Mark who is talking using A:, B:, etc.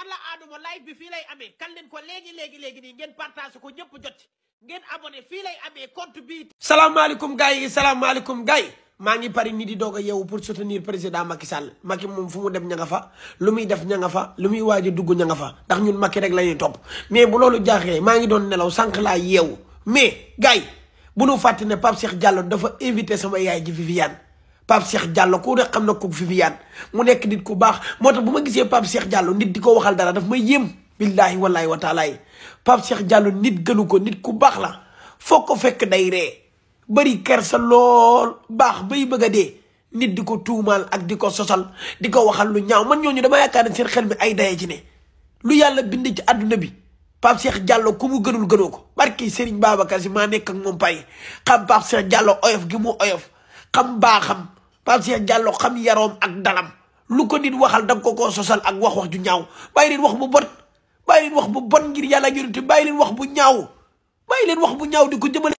A: alla aaduma live bi fii lay
B: amee kan leen ko léegi léegi léegi nii ngeen partage ko ñëpp jot ngeen abonné fii lay amee compte
C: bi salaamaaleykum gars yi salaamaaleykum gars yi maa ngi pari ni di doog a yeewu pour soutenir président Macky Sall Macky moom fu mu dem ñanga fa lu muy def ña nga fa lu muy waaj a dugg ña nga fa ndax ñun Macky rek la ñuy topp mais bu loolu jaaxee maa ngi doon nelaw sànq laay yeewu mais gars yi bu nu fàtte ne Pape Cheikh Diallo dafa invité sama yaay ji Pape Cheikh Diallo ku ne xam na ko Viviane mu nekk nit ku baax moo tax bu ma gisee Pape Cheikh Diallo nit di ko waxal dara daf may yéem billaahi wallaahi wa taala yi Pape Cheikh Diallo nit gënu ko nit ku baax la foo ko fekk day ree bari kersa lool baax bay bëgg a dee nit di ko tuumaal ak di ko sosal di ko waxal lu ñaaw man ñooñu dama yaakaar ne seen xel mi ay daye ci ne lu yàlla bind ci àdduna bi Pape Cheikh Diallo ku mu gënul gënoo ko barki Serigne Babacar si maa nekk ak moom pay xam Pape Cheikh Diallo oyof gi mu oyof xam baaxam Pape Cheikh Diallo xam yaroom ak dalam lu ko nit waxal da ko koo sosal ak wax wax ju ñaaw bàyyi leen wax bu bon bàyyi leen wax bu bon ngir yàlla ngir te bàyyi leen wax bu ñaaw bàyyi leen wax bu ñaaw di ko jëmale